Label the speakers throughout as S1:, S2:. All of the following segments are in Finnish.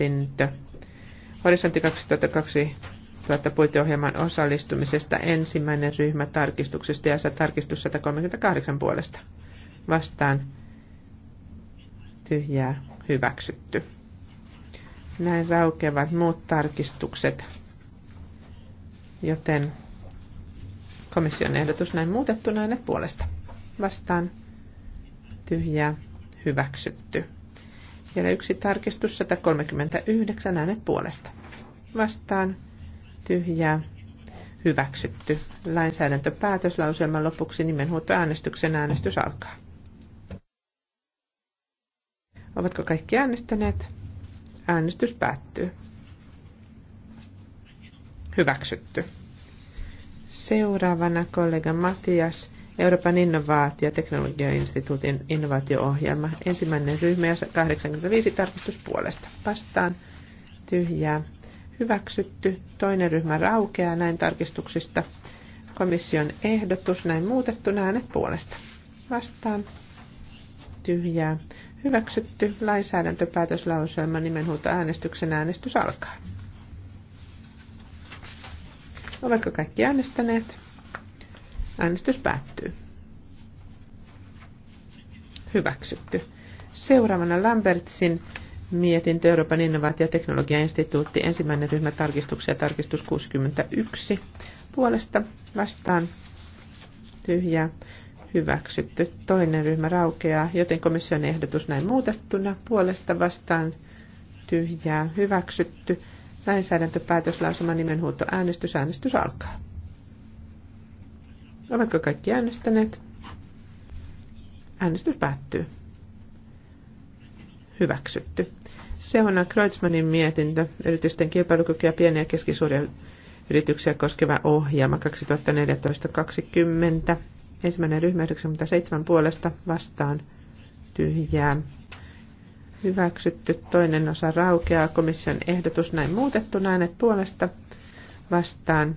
S1: että Horisontti 2020 puiteohjelman osallistumisesta ensimmäinen ryhmä tarkistuksesta ja tarkistus 138 puolesta. Vastaan tyhjää hyväksytty. Näin raukeavat muut tarkistukset, joten komission ehdotus näin muutettuna äänet puolesta. Vastaan tyhjää hyväksytty. Vielä yksi tarkistus, 139 äänet puolesta. Vastaan tyhjää hyväksytty. Lainsäädäntöpäätöslauselman lopuksi nimenhuutoäänestyksen äänestys alkaa. Ovatko kaikki äänestäneet? Äänestys päättyy. Hyväksytty. Seuraavana kollega Matias Euroopan innovaatio- ja teknologiainstituutin innovaatio-ohjelma. Ensimmäinen ryhmä ja 85 tarkistuspuolesta. Vastaan tyhjää. Hyväksytty. Toinen ryhmä raukeaa näin tarkistuksista. Komission ehdotus näin muutettuna äänet puolesta. Vastaan tyhjää. Hyväksytty. Lainsäädäntöpäätöslauselma nimenhuuta äänestyksen äänestys alkaa. Ovatko kaikki äänestäneet? Äänestys päättyy. Hyväksytty. Seuraavana Lambertsin mietintö Euroopan innovaatio- ja teknologiainstituutti. Ensimmäinen ryhmä tarkistuksia, tarkistus 61. Puolesta vastaan tyhjää hyväksytty. Toinen ryhmä raukeaa, joten komission ehdotus näin muutettuna puolesta vastaan tyhjää hyväksytty. Lainsäädäntöpäätöslausuma nimenhuuto äänestys. Äänestys alkaa. Oletko kaikki äänestäneet? Äänestys päättyy. Hyväksytty. Seuraavana Kreutzmannin mietintö, yritysten kilpailukyky ja pieniä ja keskisuuria yrityksiä koskeva ohjelma 2014-2020. Ensimmäinen ryhmä 97 puolesta vastaan tyhjää. Hyväksytty toinen osa raukeaa komission ehdotus näin muutettuna äänet puolesta vastaan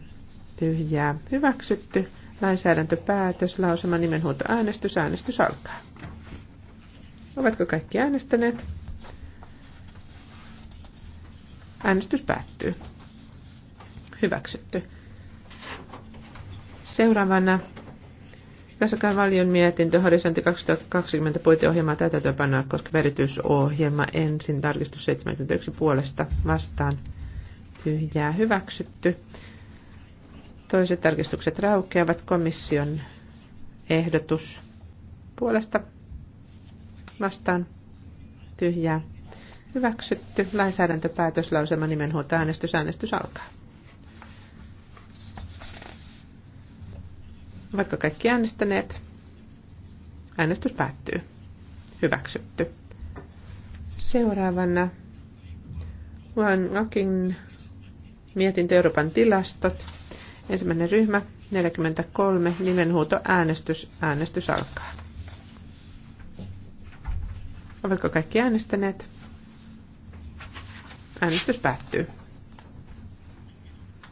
S1: tyhjää. Hyväksytty Lainsäädäntöpäätös, lausuma nimenhuuto äänestys, äänestys alkaa. Ovatko kaikki äänestäneet? Äänestys päättyy. Hyväksytty. Seuraavana Rasakan valion mietintö Horisontti 2020 puiteohjelmaa täytäntöönpanoa koska erityisohjelma ensin tarkistus 71 puolesta vastaan tyhjää hyväksytty. Toiset tarkistukset raukeavat komission ehdotus puolesta vastaan tyhjää. Hyväksytty lainsäädäntöpäätöslausema nimenhuolta äänestys. Äänestys alkaa. Ovatko kaikki äänestäneet? Äänestys päättyy. Hyväksytty. Seuraavana Juan Akin mietintö Euroopan tilastot. Ensimmäinen ryhmä, 43, nimenhuuto, äänestys, äänestys alkaa. Ovatko kaikki äänestäneet? Äänestys päättyy.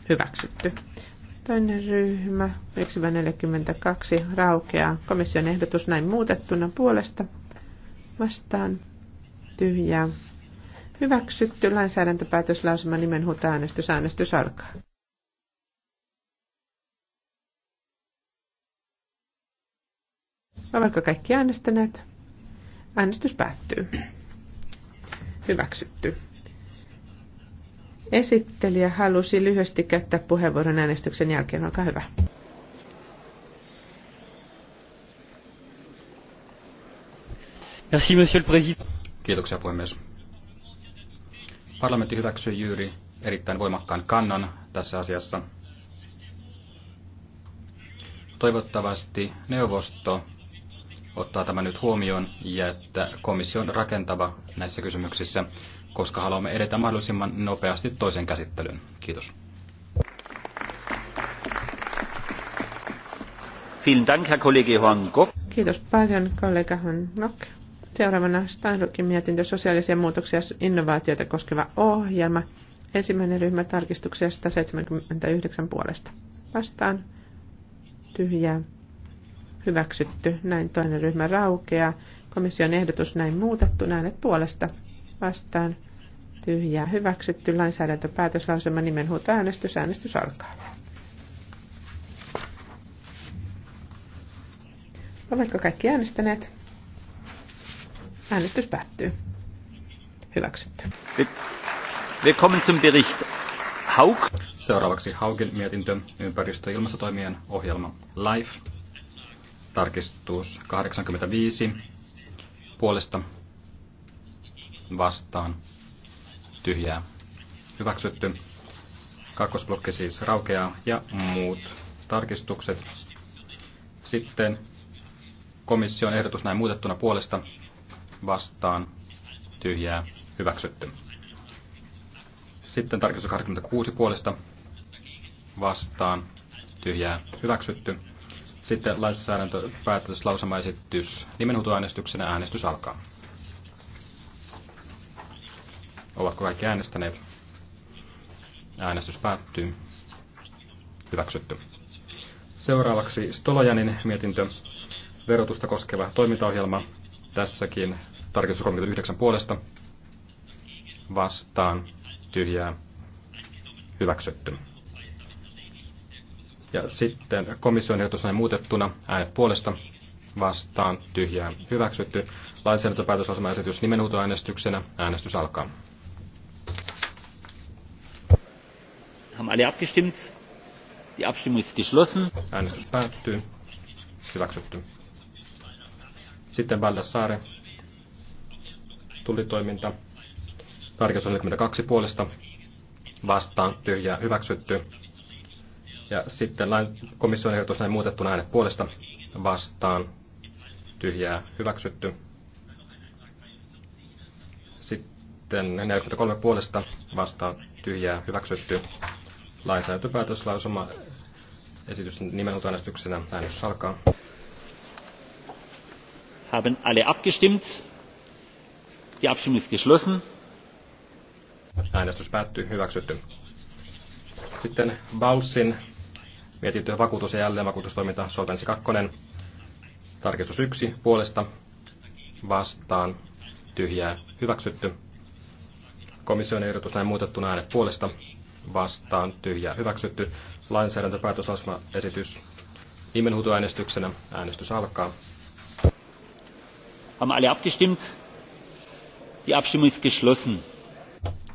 S1: Hyväksytty. Toinen ryhmä, 42, raukeaa. Komission ehdotus näin muutettuna puolesta. Vastaan. Tyhjää. Hyväksytty lainsäädäntöpäätöslausuma nimenhuuto äänestys. Äänestys alkaa. Ovatko kaikki äänestäneet? Äänestys päättyy. Hyväksytty. Esittelijä halusi lyhyesti käyttää puheenvuoron äänestyksen jälkeen. Olkaa
S2: hyvä. Merci, monsieur le président. Kiitoksia puhemies. Parlamentti hyväksyi juuri erittäin voimakkaan kannan tässä asiassa. Toivottavasti neuvosto ottaa tämä nyt huomioon ja että komissio on rakentava näissä kysymyksissä, koska haluamme edetä mahdollisimman nopeasti toisen käsittelyyn. Kiitos. Kiitos
S1: paljon kollega Hongok. Seuraavana Steinruckin mietintö sosiaalisia muutoksia ja innovaatioita koskeva ohjelma. Ensimmäinen ryhmä tarkistuksia 179 puolesta. Vastaan tyhjää Hyväksytty. Näin toinen ryhmä raukeaa. Komission ehdotus näin muutettu. Äänet puolesta vastaan. Tyhjää hyväksytty. Lainsäädäntöpäätöslausema nimenhuuto äänestys. Äänestys alkaa. Oletko kaikki äänestäneet? Äänestys päättyy.
S2: Hyväksytty. Willkommen kommen zum Bericht Haug. Seuraavaksi Haukin mietintö ympäristö- ja ilmastotoimien ohjelma LIFE. Tarkistus 85 puolesta vastaan tyhjää hyväksytty. Kakkosblokki siis raukeaa ja muut tarkistukset. Sitten komission ehdotus näin muutettuna puolesta vastaan tyhjää hyväksytty. Sitten tarkistus 86 puolesta vastaan tyhjää hyväksytty. Sitten lainsäädäntöpäätös, lausamaesitys, nimenhuutoäänestyksenä äänestys alkaa. Ovatko kaikki äänestäneet? Äänestys päättyy. Hyväksytty. Seuraavaksi Stolojanin mietintö, verotusta koskeva toimintaohjelma. Tässäkin tarkistus 39 puolesta vastaan tyhjää hyväksytty. Ja sitten komission ehdotus näin muutettuna äänet puolesta vastaan tyhjää hyväksytty. Lainsäädäntöpäätöslausumaesitys nimenhuutoäänestyksenä. Äänestys alkaa. Haben alle abgestimmt? Die Abstimmung ist geschlossen. Äänestys päättyy. Hyväksytty. Sitten Valdassaare. Tulitoiminta. Tarkistus 42 puolesta. Vastaan tyhjää hyväksytty. Ja sitten lain komission ehdotus näin muutettuna äänet puolesta vastaan. Tyhjää hyväksytty. Sitten 43 puolesta vastaan tyhjää hyväksytty. Lainsäädäntöpäätöslausuma esitys äänestyksenä Äänestys alkaa. Haben alle abgestimmt? Die Abstimmung ist geschlossen. Äänestys päättyy. Hyväksytty. Sitten Balsin Mietintö vakuutus- ja e jälleenvakuutustoiminta Solvenssi 2. Tarkistus 1 puolesta vastaan tyhjää hyväksytty. Komission ehdotus näin muutettuna äänet puolesta vastaan tyhjää hyväksytty. Lainsäädäntöpäätöslausmaesitys nimenhuutoäänestyksenä. Äänestys alkaa. Haben alle abgestimmt? Die Abstimmung ist geschlossen.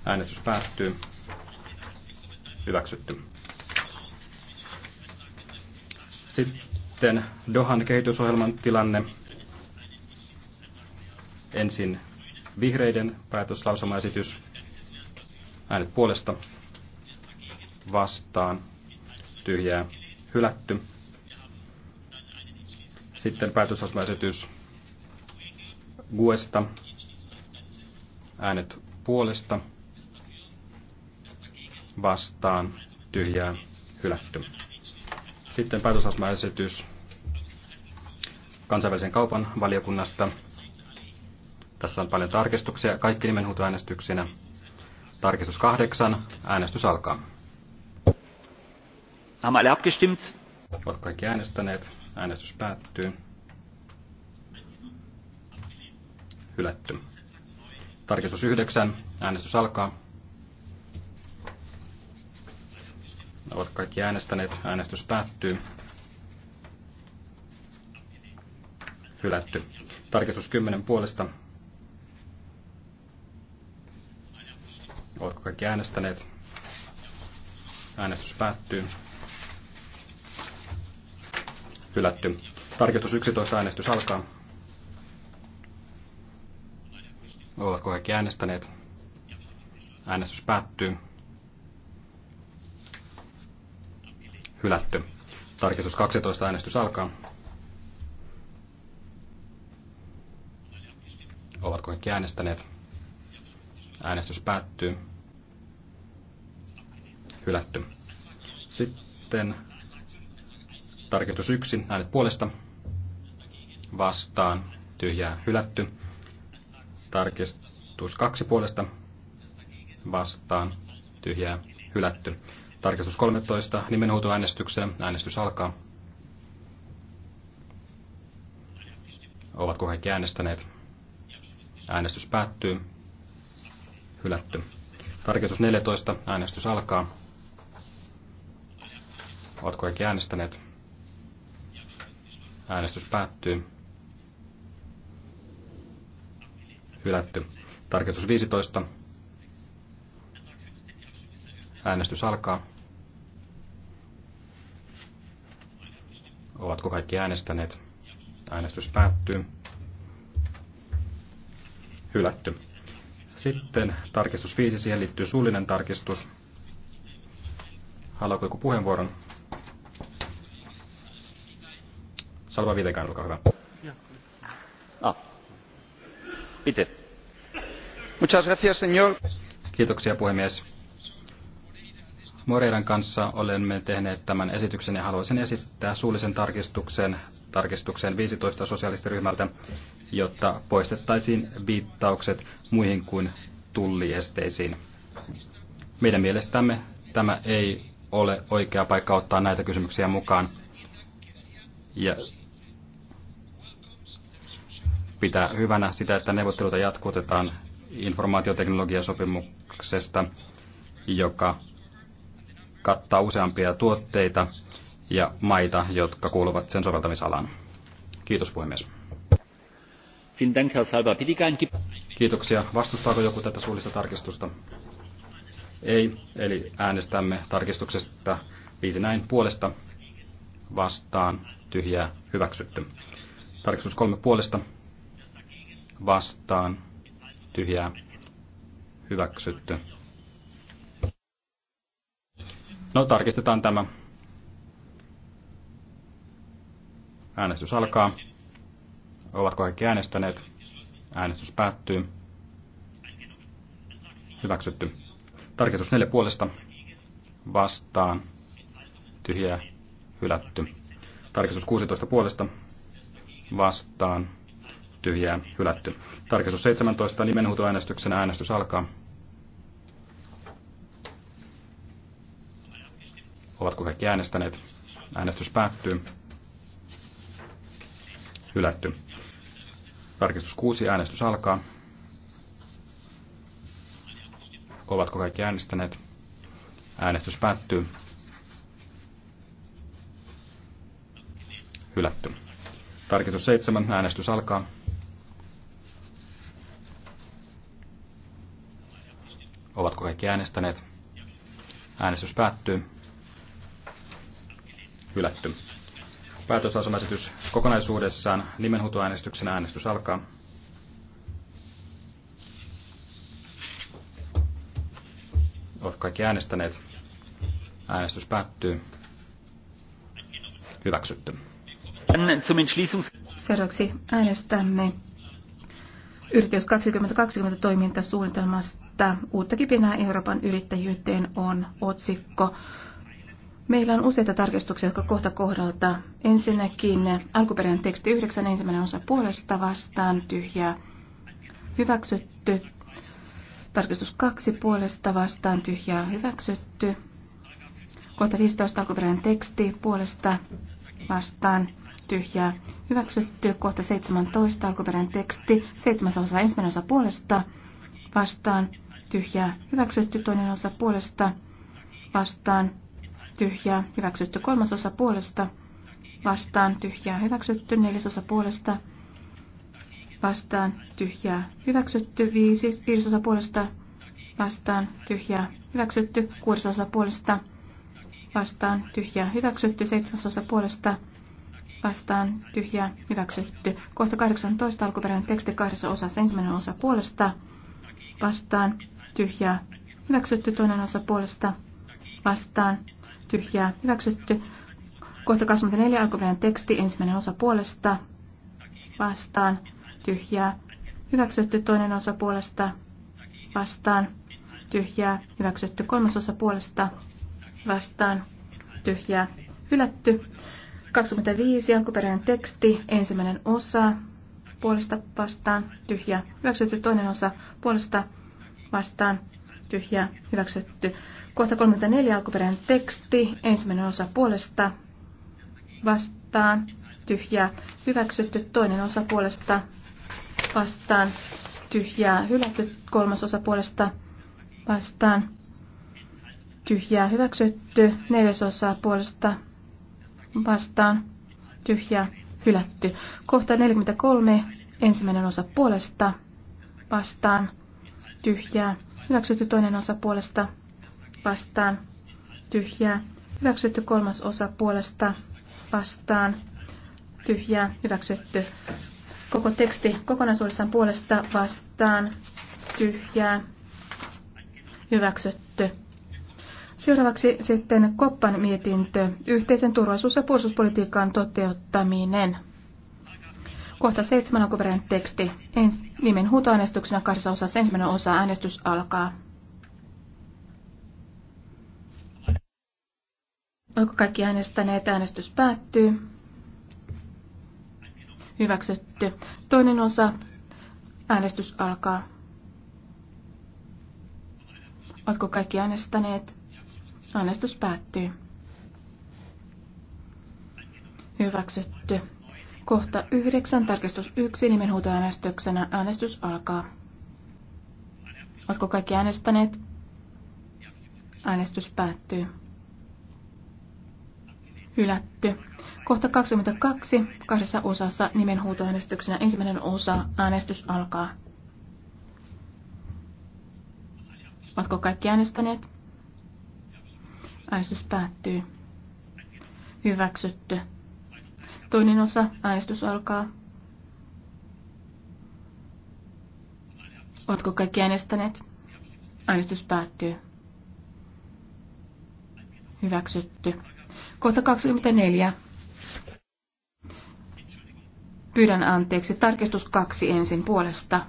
S2: Äänestys päättyy. Hyväksytty. Sitten Dohan kehitysohjelman tilanne. Ensin vihreiden päätöslausumaesitys. Äänet puolesta vastaan tyhjää hylätty. Sitten päätöslausumaesitys Guesta. Äänet puolesta vastaan tyhjää hylätty. Sitten päätösasmaesitys kansainvälisen kaupan valiokunnasta. Tässä on paljon tarkistuksia, kaikki äänestyksinä. Tarkistus kahdeksan, äänestys alkaa. Haben alle abgestimmt? Ovat kaikki äänestäneet, äänestys päättyy. Hylätty. Tarkistus yhdeksän, äänestys alkaa. Ovat kaikki äänestäneet. Äänestys päättyy. Hylätty. Tarkistus 10 puolesta. Ovatko kaikki äänestäneet? Äänestys päättyy. Hylätty. Tarkistus 11. Äänestys alkaa. Ovatko kaikki äänestäneet? Äänestys päättyy. hylätty. Tarkistus 12, äänestys alkaa. Ovatko kaikki äänestäneet? Äänestys päättyy. Hylätty. Sitten tarkistus 1, äänet puolesta. Vastaan, tyhjää, hylätty. Tarkistus 2 puolesta. Vastaan, tyhjää, hylätty. Tarkistus 13, nimenhuutoäänestykseen. Äänestys alkaa. Ovatko kaikki äänestäneet? Äänestys päättyy. Hylätty. Tarkistus 14. Äänestys alkaa. Ovatko kaikki äänestäneet? Äänestys päättyy. Hylätty. Tarkistus 15. Äänestys alkaa. Ovatko kaikki äänestäneet? Äänestys päättyy. Hylätty. Sitten tarkistus 5, siihen liittyy suullinen tarkistus. Haluatko joku puheenvuoron? Salva Vitekään, olkaa hyvä. Ah. Itse. Muchas gracias, señor. Kiitoksia, puhemies Moreiran kanssa olemme tehneet tämän esityksen ja haluaisin esittää suullisen tarkistuksen tarkistukseen 15 sosiaalistiryhmältä, jotta poistettaisiin viittaukset muihin kuin tulliesteisiin. Meidän mielestämme tämä ei ole oikea paikka ottaa näitä kysymyksiä mukaan. Ja pitää hyvänä sitä, että neuvotteluita jatkutetaan informaatioteknologiasopimuksesta, joka kattaa useampia tuotteita ja maita, jotka kuuluvat sen soveltamisalaan. Kiitos puhemies. Kiitoksia. Vastustaako joku tätä suullista tarkistusta? Ei, eli äänestämme tarkistuksesta viisi näin puolesta vastaan tyhjää hyväksytty. Tarkistus kolme puolesta vastaan tyhjää hyväksytty. No, tarkistetaan tämä. Äänestys alkaa. Ovatko kaikki äänestäneet? Äänestys päättyy. Hyväksytty. Tarkistus neljä puolesta. Vastaan. Tyhjää. Hylätty. Tarkistus 16 puolesta. Vastaan. Tyhjää. Hylätty. Tarkistus 17. Nimenhuutoäänestyksen äänestys alkaa. Ovatko kaikki äänestäneet? Äänestys päättyy. Hylätty. Tarkistus 6. Äänestys alkaa. Ovatko kaikki äänestäneet? Äänestys päättyy. Hylätty. Tarkistus 7. Äänestys alkaa. Ovatko kaikki äänestäneet? Äänestys päättyy hylätty. Päätösasemäsitys kokonaisuudessaan nimenhuutoäänestyksen äänestys alkaa. Olet kaikki äänestäneet. Äänestys päättyy. Hyväksytty.
S3: Seuraavaksi äänestämme Yritys 2020 toimintasuunnitelmasta uutta kipinää Euroopan yrittäjyyteen on otsikko. Meillä on useita tarkistuksia, jotka kohta kohdalta. Ensinnäkin alkuperäinen teksti 9, ensimmäinen osa puolesta vastaan, tyhjää, hyväksytty. Tarkistus 2 puolesta vastaan, tyhjää, hyväksytty. Kohta 15 alkuperäinen teksti puolesta vastaan, tyhjää, hyväksytty. Kohta 17 alkuperäinen teksti, 7 osa, ensimmäinen osa puolesta vastaan, tyhjää, hyväksytty. Toinen osa puolesta vastaan, tyhjää, hyväksytty kolmasosa puolesta, vastaan tyhjää, hyväksytty neljäsosa puolesta, vastaan tyhjää, hyväksytty viisi, viidesosa puolesta, vastaan tyhjää, hyväksytty kuudesosa puolesta, vastaan tyhjää, hyväksytty seitsemäsosa puolesta, vastaan tyhjää, hyväksytty. Kohta 18 alkuperäinen teksti kahdessa osassa, ensimmäinen osa puolesta, vastaan tyhjää, hyväksytty toinen osa puolesta, vastaan tyhjää, hyväksytty. Kohta 24 alkuperäinen teksti, ensimmäinen osa puolesta, vastaan, tyhjää, hyväksytty. Toinen osa puolesta, vastaan, tyhjää, hyväksytty. Kolmas osa puolesta, vastaan, tyhjää, hylätty. 25 alkuperäinen teksti, ensimmäinen osa, puolesta vastaan, tyhjää, hyväksytty. Toinen osa puolesta, vastaan, tyhjä hyväksytty. Kohta 34 alkuperäinen teksti, ensimmäinen osa puolesta, vastaan, tyhjää, hyväksytty. Toinen osa puolesta, vastaan, tyhjää, hylätty. Kolmas osa puolesta, vastaan, tyhjää, hyväksytty. Neljäs osa puolesta, vastaan, tyhjää, hylätty. Kohta 43, ensimmäinen osa puolesta, vastaan, tyhjää, Hyväksytty toinen osa puolesta vastaan tyhjää. Hyväksytty kolmas osa puolesta vastaan tyhjää. Hyväksytty koko teksti kokonaisuudessaan puolesta vastaan tyhjää. Hyväksytty. Seuraavaksi sitten Koppan mietintö, yhteisen turvallisuus- ja puolustuspolitiikan toteuttaminen. Kohta seitsemän alkuperäinen teksti. Ens, nimen huutoäänestyksenä kahdessa osassa ensimmäinen osa äänestys alkaa. Oliko kaikki äänestäneet? Äänestys päättyy. Hyväksytty. Toinen osa. Äänestys alkaa. Oletko kaikki äänestäneet? Äänestys päättyy. Hyväksytty. Kohta yhdeksän, tarkistus yksi, nimenhuutoäänestyksenä. Äänestys alkaa. Oletko kaikki äänestäneet? Äänestys päättyy. Hylätty. Kohta 22, kahdessa osassa nimenhuutoäänestyksenä. Ensimmäinen osa, äänestys alkaa. Oletko kaikki äänestäneet? Äänestys päättyy. Hyväksytty. Toinen osa. Äänestys alkaa. Oletko kaikki äänestäneet? Äänestys päättyy. Hyväksytty. Kohta 24. Pyydän anteeksi. Tarkistus kaksi ensin puolesta.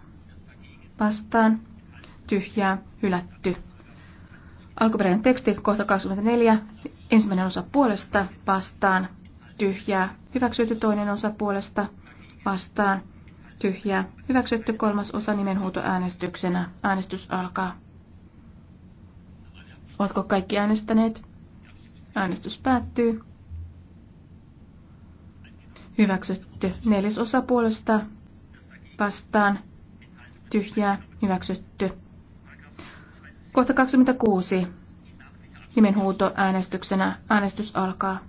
S3: Vastaan. Tyhjää. Hylätty. Alkuperäinen teksti, kohta 24. Ensimmäinen osa puolesta. Vastaan tyhjää, hyväksytty toinen osa puolesta vastaan, tyhjää, hyväksytty kolmas osa äänestyksenä. Äänestys alkaa. Oletko kaikki äänestäneet? Äänestys päättyy. Hyväksytty neljäs osa puolesta vastaan, tyhjää, hyväksytty. Kohta 26. Nimenhuuto äänestyksenä. Äänestys alkaa.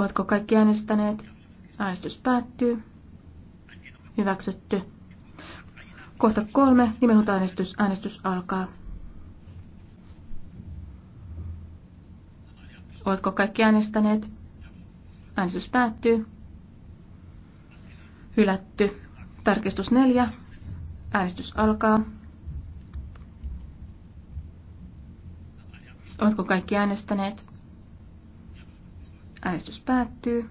S3: Oletko kaikki äänestäneet? Äänestys päättyy. Hyväksytty. Kohta kolme. äänestys. Äänestys alkaa. Oletko kaikki äänestäneet? Äänestys päättyy. Hylätty. Tarkistus neljä. Äänestys alkaa. Oletko kaikki äänestäneet? Äänestys päättyy.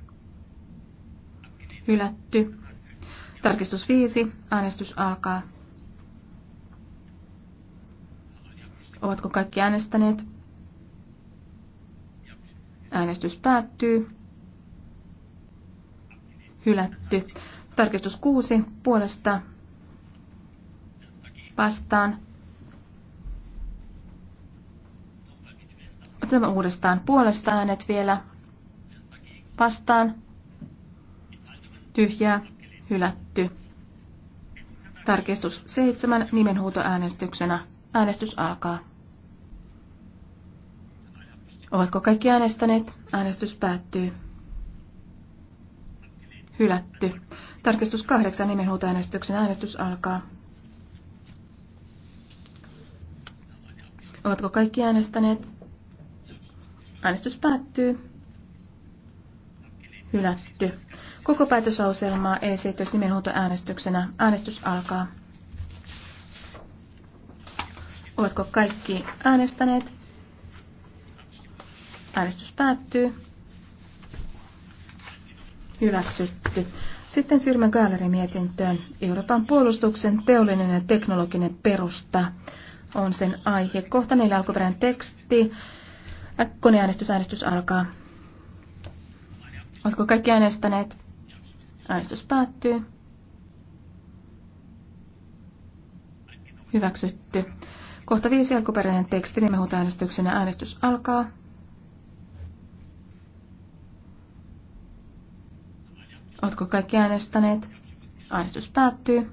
S3: Hylätty. Tarkistus 5. Äänestys alkaa. Ovatko kaikki äänestäneet? Äänestys päättyy. Hylätty. Tarkistus 6. Puolesta vastaan. Otetaan uudestaan puolesta äänet vielä vastaan, tyhjää, hylätty. Tarkistus 7 nimenhuutoäänestyksenä. Äänestys alkaa. Ovatko kaikki äänestäneet? Äänestys päättyy. Hylätty. Tarkistus 8 nimenhuutoäänestyksen äänestys alkaa. Ovatko kaikki äänestäneet? Äänestys päättyy hylätty. Koko päätösauselmaa nimenhuuto äänestyksenä. Äänestys alkaa. Oletko kaikki äänestäneet? Äänestys päättyy. Hyväksytty. Sitten siirrymme Galleri-mietintöön. Euroopan puolustuksen teollinen ja teknologinen perusta on sen aihe. Kohta neljä alkuperäinen teksti. Koneäänestysäänestys alkaa. Oletko kaikki äänestäneet? Äänestys päättyy. Hyväksytty. Kohta viisi alkuperäinen teksti nimenhuutoäänestyksenä. Äänestys alkaa. Oletko kaikki äänestäneet? Äänestys päättyy.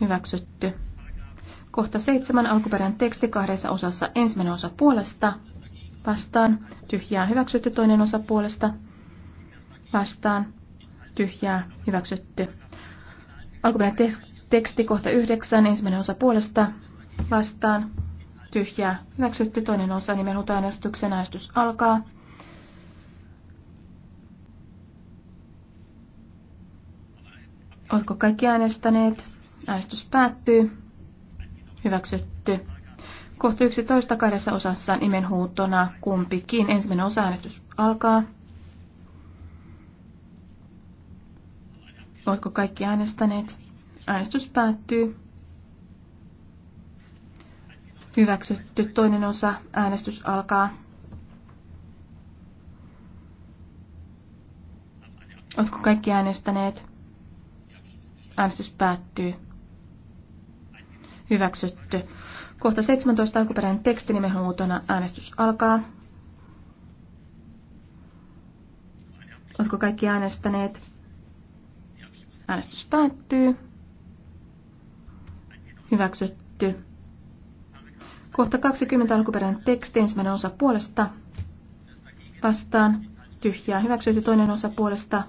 S3: Hyväksytty. Kohta seitsemän alkuperäinen teksti kahdessa osassa. Ensimmäinen osa puolesta vastaan, tyhjää hyväksytty toinen osa puolesta, vastaan, tyhjää hyväksytty. Alkuperäinen teksti kohta yhdeksän, ensimmäinen osa puolesta, vastaan, tyhjää hyväksytty toinen osa nimenhuutoäänestyksen äänestys alkaa. Oletko kaikki äänestäneet? Äänestys päättyy. Hyväksytty. Kohta 11 kahdessa osassa nimenhuutona kumpikin. Ensimmäinen osa äänestys alkaa. Oletko kaikki äänestäneet? Äänestys päättyy. Hyväksytty toinen osa. Äänestys alkaa. Oletko kaikki äänestäneet? Äänestys päättyy. Hyväksytty. Kohta 17 alkuperäinen teksti muutona äänestys alkaa. Oletko kaikki äänestäneet? Äänestys päättyy. Hyväksytty. Kohta 20 alkuperäinen teksti, ensimmäinen osa puolesta. Vastaan. Tyhjää. Hyväksytty. Toinen osa puolesta.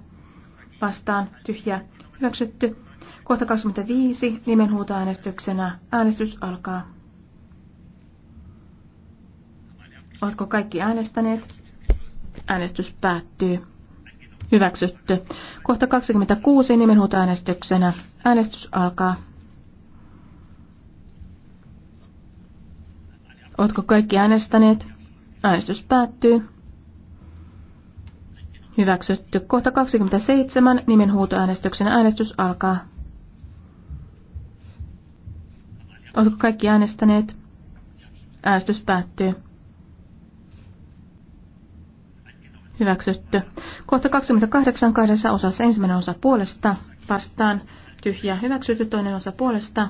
S3: Vastaan. Tyhjää. Hyväksytty. Kohta 25 nimenhuutoäänestyksenä. Äänestys alkaa. Oletko kaikki äänestäneet? Äänestys päättyy. Hyväksytty. Kohta 26 nimenhuutoäänestyksenä. Äänestys alkaa. Oletko kaikki äänestäneet? Äänestys päättyy. Hyväksytty. Kohta 27 äänestyksenä. äänestys alkaa. Oletko kaikki äänestäneet? Äänestys päättyy. Hyväksytty. Kohta 28 kahdessa osassa ensimmäinen osa puolesta vastaan tyhjää hyväksytty, toinen osa puolesta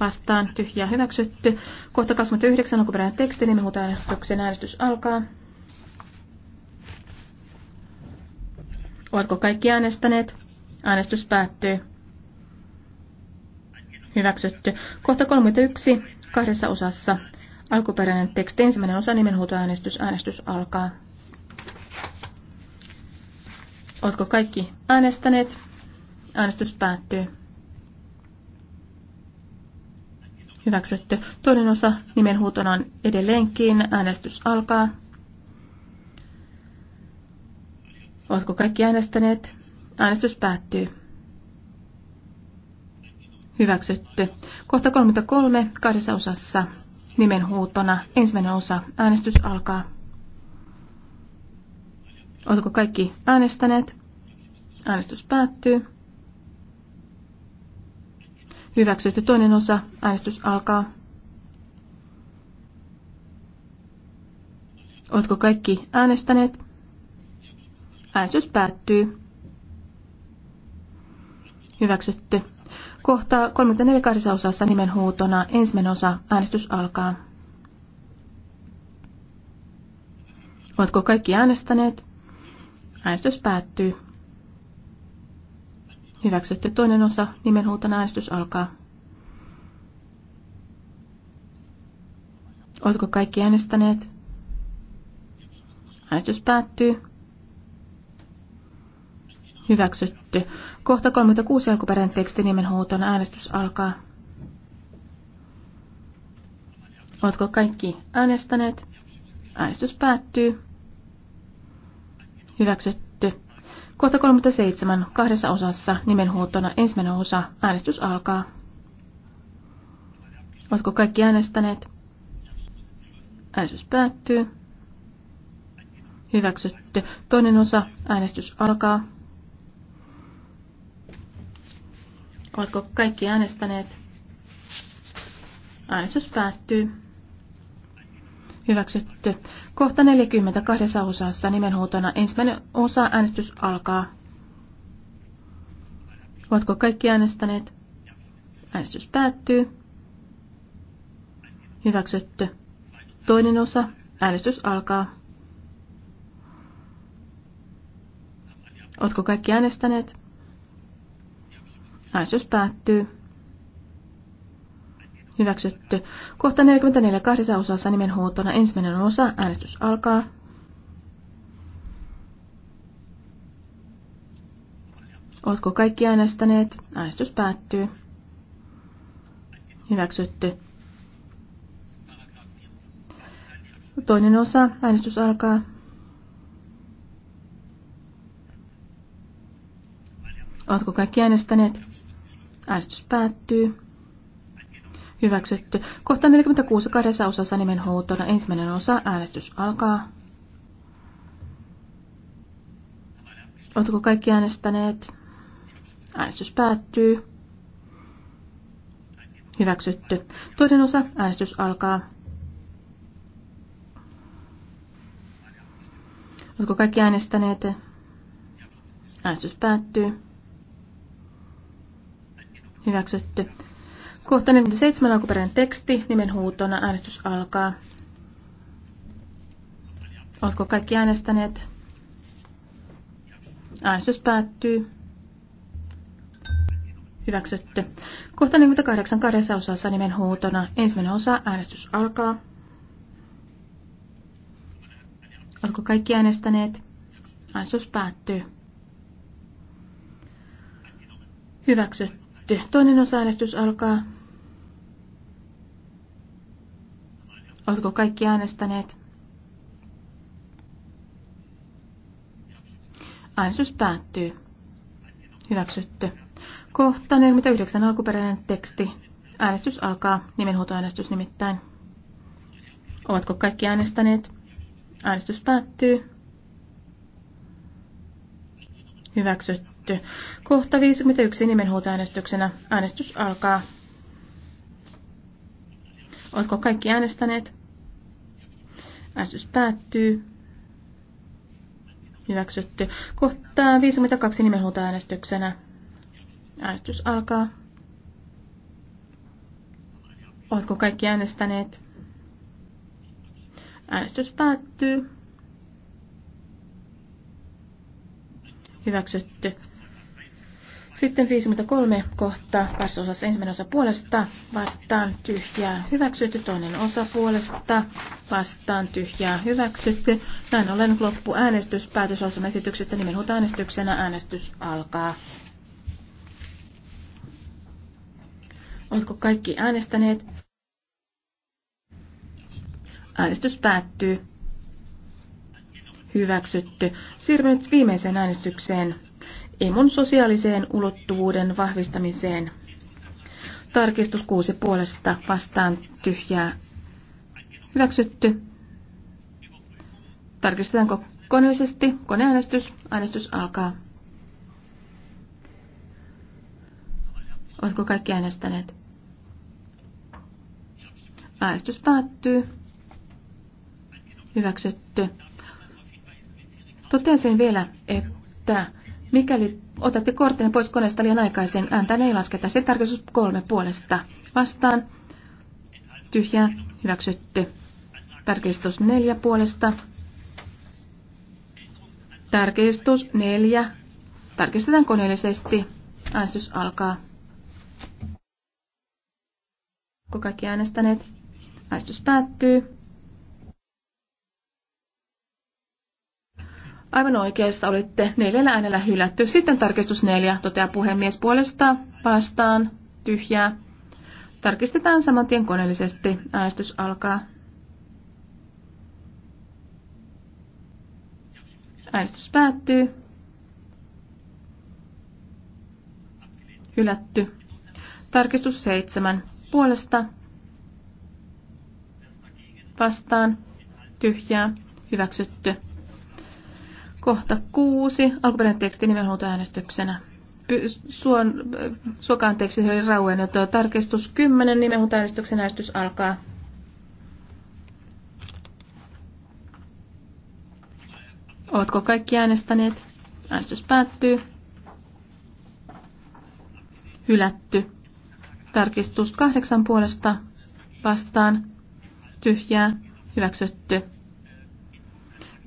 S3: vastaan tyhjää hyväksytty. Kohta 29 alkuperäinen teksti, äänestyksen äänestys alkaa. Oletko kaikki äänestäneet? Äänestys päättyy. Hyväksytty. Kohta 31 kahdessa osassa. Alkuperäinen teksti, ensimmäinen osa nimenhuutoäänestys, äänestys alkaa. Oletko kaikki äänestäneet? Äänestys päättyy. Hyväksytty. Toinen osa nimenhuutona on edelleenkin. Äänestys alkaa. Oletko kaikki äänestäneet? Äänestys päättyy. Hyväksytty. Kohta 33 kahdessa osassa nimenhuutona. Ensimmäinen osa. Äänestys alkaa. Oletko kaikki äänestäneet? Äänestys päättyy. Hyväksytty toinen osa. Äänestys alkaa. Oletko kaikki äänestäneet? Äänestys päättyy. Hyväksytty. Kohta 34 osassa nimen huutona. Ensimmäinen osa. Äänestys alkaa. Oletko kaikki äänestäneet? Äänestys päättyy. Hyväksytty toinen osa. Nimenhuutona äänestys alkaa. Oletko kaikki äänestäneet? Äänestys päättyy. Hyväksytty. Kohta 36 alkuperäinen teksti nimenhuutona äänestys alkaa. Oletko kaikki äänestäneet? Äänestys päättyy. Hyväksytty. Kohta 37. Kahdessa osassa nimenhuutona ensimmäinen osa. Äänestys alkaa. Oletko kaikki äänestäneet? Äänestys päättyy. Hyväksytty. Toinen osa. Äänestys alkaa. Oletko kaikki äänestäneet? Äänestys päättyy. Hyväksytty. Kohta 42 osassa nimenhuutona ensimmäinen osa äänestys alkaa. Oletko kaikki äänestäneet? Äänestys päättyy. Hyväksytty. Toinen osa. Äänestys alkaa. Oletko kaikki äänestäneet? Äänestys päättyy. Hyväksytty. Kohta 44 kahdessa osassa nimenhuutona. Ensimmäinen osa. Äänestys alkaa. Oletko kaikki äänestäneet? Äänestys päättyy. Hyväksytty. Toinen osa. Äänestys alkaa. Oletko kaikki äänestäneet? Äänestys päättyy. Hyväksytty. Kohta 46 kahdessa osassa huutona. Ensimmäinen osa. Äänestys alkaa. Oletko kaikki äänestäneet? Äänestys päättyy. Hyväksytty. Toinen osa. Äänestys alkaa. Oletko kaikki äänestäneet? Äänestys päättyy. Hyväksytty. Kohta 47 alkuperäinen teksti, nimen huutona no äänestys alkaa. Oletko kaikki äänestäneet? Äänestys päättyy. Hyväksytty. Kohta 48 kahdessa osassa nimen huutona. Ensimmäinen osa äänestys alkaa. Oletko kaikki äänestäneet? Äänestys päättyy. Hyväksytty. Nyt Toinen osa-äänestys alkaa. Oletko kaikki äänestäneet? Äänestys päättyy. Hyväksytty. Kohta 49 alkuperäinen teksti. Äänestys alkaa. Nimenhuutoäänestys nimittäin. Ovatko kaikki äänestäneet? Äänestys päättyy. Hyväksytty hyväksytty. Kohta 51 nimenhuutoäänestyksenä. Äänestys alkaa. Oletko kaikki äänestäneet? Äänestys päättyy. Hyväksytty. Kohta 52 nimenhuutoäänestyksenä. Äänestys alkaa. Oletko kaikki äänestäneet? Äänestys päättyy. Hyväksytty. Sitten 53 kohta, kahdessa osassa ensimmäinen osa puolesta, vastaan tyhjää hyväksytty, toinen osa puolesta, vastaan tyhjää hyväksytty. Näin ollen äänestys päätösosan esityksestä äänestyksenä äänestys alkaa. Oletko kaikki äänestäneet? Äänestys päättyy. Hyväksytty. Siirrymme nyt viimeiseen äänestykseen emun sosiaaliseen ulottuvuuden vahvistamiseen. Tarkistus kuusi puolesta vastaan tyhjää hyväksytty. Tarkistetaanko koneellisesti? Koneäänestys. Äänestys alkaa. Oletko kaikki äänestäneet? Äänestys päättyy. Hyväksytty. Totean sen vielä, että Mikäli otatte kortin pois koneesta liian aikaisin, ääntä ei lasketa. Se tarkoitus kolme puolesta. Vastaan. Tyhjää. Hyväksytty. Tarkistus neljä puolesta. Tarkistus neljä. Tarkistetaan koneellisesti. Äänestys alkaa. Onko kaikki äänestäneet? Äänestys päättyy. Aivan oikeassa olitte neljällä äänellä hylätty. Sitten tarkistus neljä, toteaa puhemies puolesta, vastaan, tyhjää. Tarkistetaan saman tien koneellisesti. Äänestys alkaa. Äänestys päättyy. Hylätty. Tarkistus seitsemän. Puolesta. Vastaan. Tyhjää. Hyväksytty. Kohta kuusi. Alkuperäinen teksti nimenhuutoäänestyksenä. Suon, suokaan teksti oli rauen, tarkistus 10. äänestyksen äänestys alkaa. Oletko kaikki äänestäneet? Äänestys päättyy. Hylätty. Tarkistus kahdeksan puolesta vastaan. Tyhjää. Hyväksytty.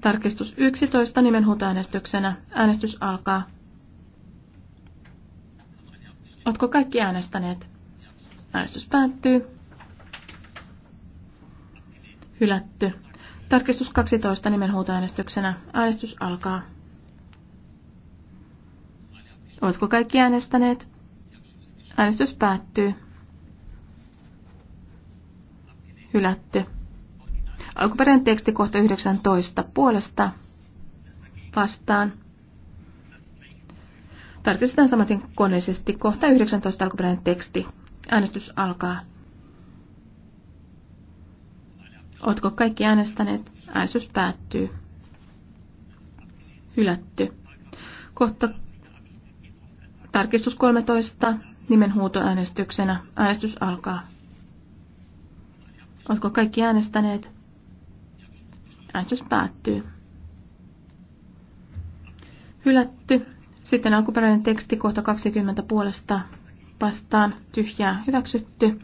S3: Tarkistus 11 nimenhuutoäänestyksenä. Äänestys alkaa. Oletko kaikki äänestäneet? Äänestys päättyy. Hylätty. Tarkistus 12 nimenhuutoäänestyksenä. Äänestys alkaa. Oletko kaikki äänestäneet? Äänestys päättyy. Hylätty. Alkuperäinen teksti kohta 19 puolesta vastaan. Tarkistetaan samaten koneisesti kohta 19 alkuperäinen teksti. Äänestys alkaa. Oletko kaikki äänestäneet? Äänestys päättyy. Hylätty. Kohta tarkistus 13 nimenhuutoäänestyksenä. Äänestys alkaa. Oletko kaikki äänestäneet? Äänestys päättyy. Hylätty. Sitten alkuperäinen teksti kohta 20 puolesta vastaan tyhjää hyväksytty.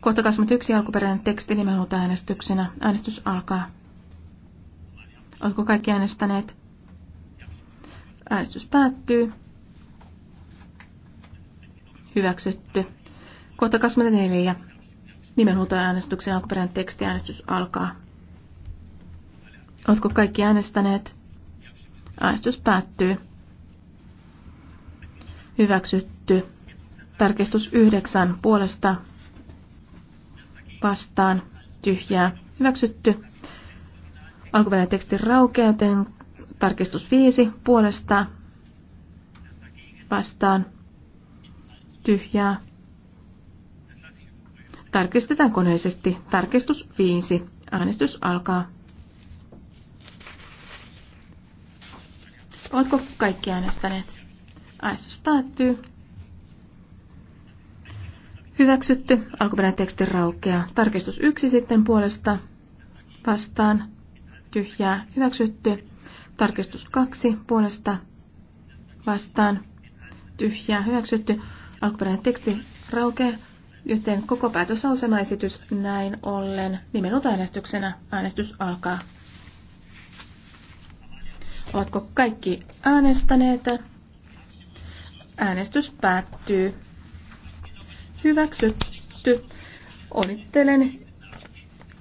S3: Kohta 21 alkuperäinen teksti nimenomaan äänestyksenä. Äänestys alkaa. Oletko kaikki äänestäneet? Äänestys päättyy. Hyväksytty. Kohta 24. Nimenhuuto äänestyksen alkuperäinen teksti. Äänestys alkaa. Oletko kaikki äänestäneet? Äänestys päättyy. Hyväksytty. Tarkistus yhdeksän puolesta vastaan tyhjää. Hyväksytty. Alkuperäinen teksti raukeaten. Tarkistus viisi puolesta vastaan tyhjää. Tarkistetaan koneisesti. Tarkistus viisi Äänestys alkaa. Oletko kaikki äänestäneet? Äänestys päättyy. Hyväksytty. Alkuperäinen teksti raukeaa. Tarkistus yksi sitten puolesta vastaan. Tyhjää. Hyväksytty. Tarkistus kaksi puolesta vastaan. Tyhjää. Hyväksytty. Alkuperäinen teksti raukeaa. Joten koko päätösasemaesitys näin ollen nimenota äänestyksenä. Äänestys alkaa. Ovatko kaikki äänestäneet? Äänestys päättyy. Hyväksytty. Onnittelen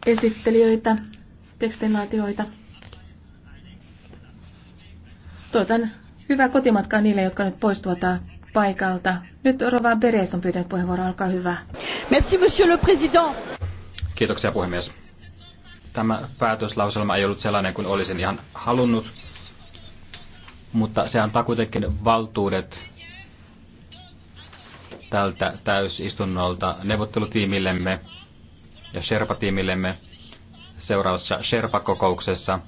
S3: esittelijöitä, tekstinlaatioita. Toivotan hyvää kotimatkaa niille, jotka nyt poistuvat paikalta. Nyt Rova Beres on pyytänyt puheenvuoroa, olkaa hyvä. Merci, monsieur le président.
S2: Kiitoksia puhemies. Tämä päätöslauselma ei ollut sellainen kuin olisin ihan halunnut mutta se antaa kuitenkin valtuudet tältä täysistunnolta neuvottelutiimillemme ja Sherpa-tiimillemme seuraavassa Sherpa-kokouksessa,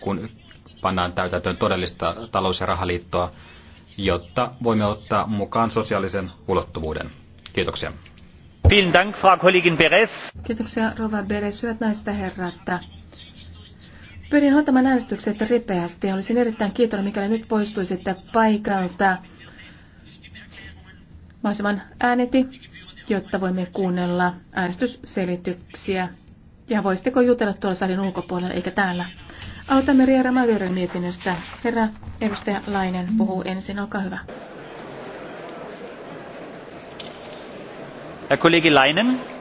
S2: kun pannaan täytäntöön todellista talous- ja rahaliittoa, jotta voimme ottaa mukaan sosiaalisen ulottuvuuden. Kiitoksia. Dank, Frau Kollegin Beres.
S3: Kiitoksia, Rova Beres. Hyvät naiset herrat. Pyrin hoitamaan äänestykset ripeästi ja olisin erittäin kiitollinen, mikäli nyt poistuisitte paikalta mahdollisimman ääneti, jotta voimme kuunnella äänestysselityksiä. Ja voisitteko jutella tuolla salin ulkopuolella eikä täällä? Aloitamme Riera Maviren mietinnöstä. Herra edustaja Lainen puhuu ensin, olkaa hyvä.
S2: Herra kollegi Leinen.